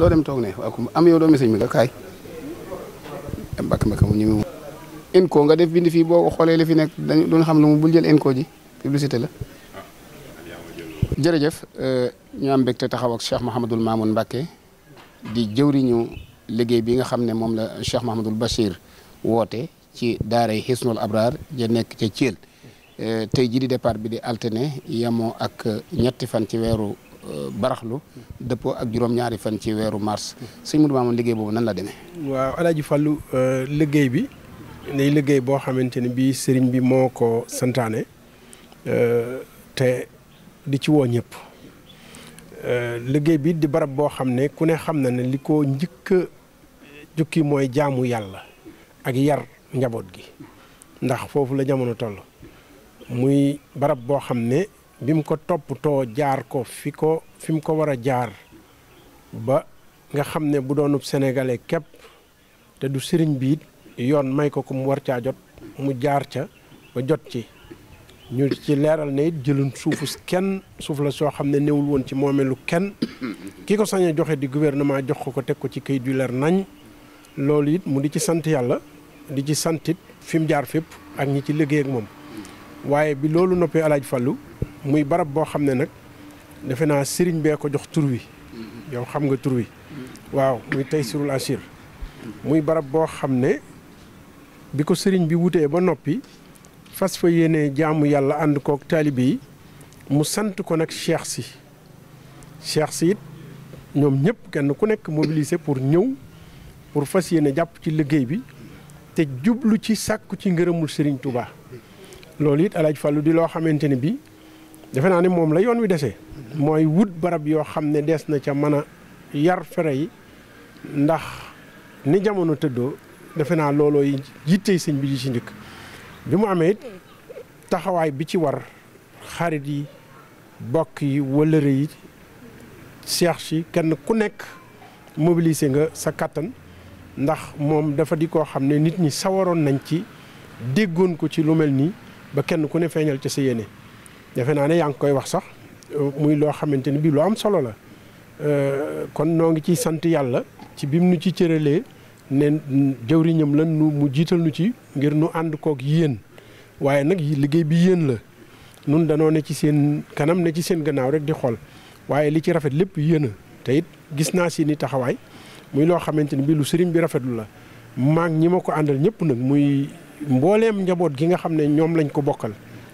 doo dem toog ne waaw am yow doomi sëñ bi nga kaay dem bakk mbakk mu ñu inco nga def bind fii boo xoolee li fi nekk dañu xam lu mu bul jël inco ji publicité la jërëjëf euh, ñu am mbégte taxaw ak Cheikh Mahamadul Mamoun Mbacké di jëwriñu liggéey bi nga xam ne moom la Cheikh Mahamadul Bachir woote ci daaray Hisnul Abrar ja nekk ca Thiel euh, tey jii di départ bi di alterné yamoo ak ñetti fan ci weeru baraxlu dëppoo ak juróom-ñaari fan ci weeru mars sëñ Modou Mamoune liggéey boobu nan la demee. waaw El Hadj euh, liggéey bi day liggéey boo xamante ne bii sëriñ bi moo ko santaane euh, te di ci woo ñëpp euh, liggéey bi di barab boo xam ne ku ne xam na ne li ko njëkk jukki mooy jaamu yàlla ak yar njaboot gi ndax foofu la jamono toll muy barab boo xam ne. bi mu ko toppatoo jaar ko fi ko fi mu ko war a jaar ba nga xam ne bu doonub sénégalais képp te du sëriñ bi it yoon may ko ko mu war caa jot mu jaar ca ba jot ci ñu ci leeral ne it jëlun suufu kenn suuf la soo xam ne néewul woon ci moomeelu kenn ki ko sañ joxe di gouvernement jox ko ko teg ko ci kayit yu leer nañ loolu it mu di ci sant yàlla di ci santit fi mu jaar fépp ak ñi ci liggéey ak moom waaye bi loolu noppee alaaj Fallou muy barab boo xam ne nag defe naa sëriñ bee ko jox tur wi yow xam nga tur wi waaw muy Taysirul Asir muy barab boo xam ne bi ko sëriñ bi wutee ba noppi fas fa yéene jaamu yàlla ànd kook taalibe yi mu sant ko nag cheikh si cheikh si it ñoom ñëpp kenn ku nekk mobilisé pour ñëw pour fas yéene jàpp ci liggéey bi te jublu ci sàkku ci ngërëmul sëriñ Touba loolu it alaaj fàllu di loo xamante ne bi defe naa ni moom la yoon wi desee mooy wut barab yoo xam ne des na ca mën a yar fere yi ndax ni jamono tëddoo defe naa looloo yi yittey sëñ bi ji ci njëkk bi mu amee it taxawaay bi ci war xarit yi bokk yi wëllëre yi seex si kenn ku nekk mobiliser nga sa kàttan ndax moom dafa di koo xam ne nit ñi sawaroon nañ ci déggoon ko ci lu mel nii ba kenn ku ne feeñal ca sa yéene defe naa ne yaa ngi koy wax sax muy loo xamante ni bii lu am solo la euh, kon noo ngi ciy sant yàlla ci bim nu ci cëralee ne jëwriñam la nu mu jiital nu ci ngir nu ànd kook yéen waaye nag liggéey bi yéen la nun danoo ne ci seen kanam ne ci seen gannaaw rek di xool waaye li ci rafet lépp yéen a gis naa seeni taxawaay muy loo xamante ni bii lu sëriñ bi rafetlu la maag ñi ma ko àndal ñëpp nag muy mbooleem njaboot gi nga xam ne ñoom lañ ko bokkal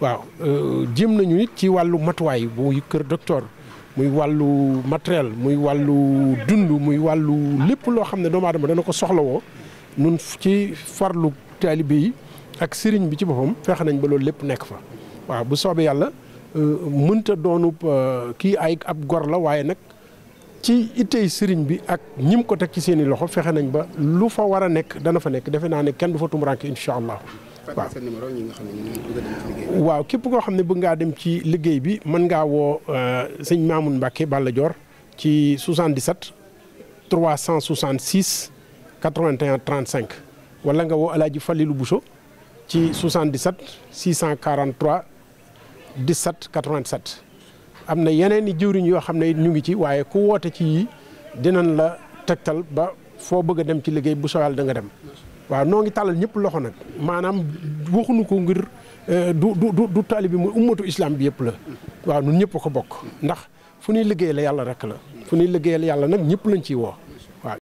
waaw euh, jéem nañu it ci wàllu matuwaay bu kër docteur muy wàllu matériel muy wàllu dund muy wàllu lépp loo xam ne doomu aadama dana ko soxlawoo nun ci farlu taalibe yi ak sëriñ bi ci boppam fexe nañ ba loolu lépp nekk fa waaw bu soobee yàlla euh, mënta doonu euh, kii ay ab gor la nag ci itteey sëriñ bi ak ñim ko teg ci seeni loxo fexe nañ ba lu fa war a nekk dana fa nekk defe naa ne kenn du fa tumuraanke incha allah waaw waaw képp koo xam ne bëgg ngaa dem ci liggéey bi mën ngaa woo euh, sëñ Mamoun Mbacke Balla Dior ci 77 366 81 35 wala nga woo El Hadj Falilou ci 77 643 17 87. am na yeneen i jëwriñ yoo xam ne it ngi ci waaye ku woote ci yii dinañ la tegtal ba foo bëgg a dem ci liggéey bu sowal da nga dem. waaw noo ngi tàllal ñëpp loxo nag maanaam waxuñu ko ngir euh, du du du taalibe bi mu ummatu islam bi yëpp la waaw ñun ñëpp ko bokk ndax fu ñuy liggéeyal yàlla rek la fu ñuy liggéeyal yàlla nag ñëpp lañ ciy woo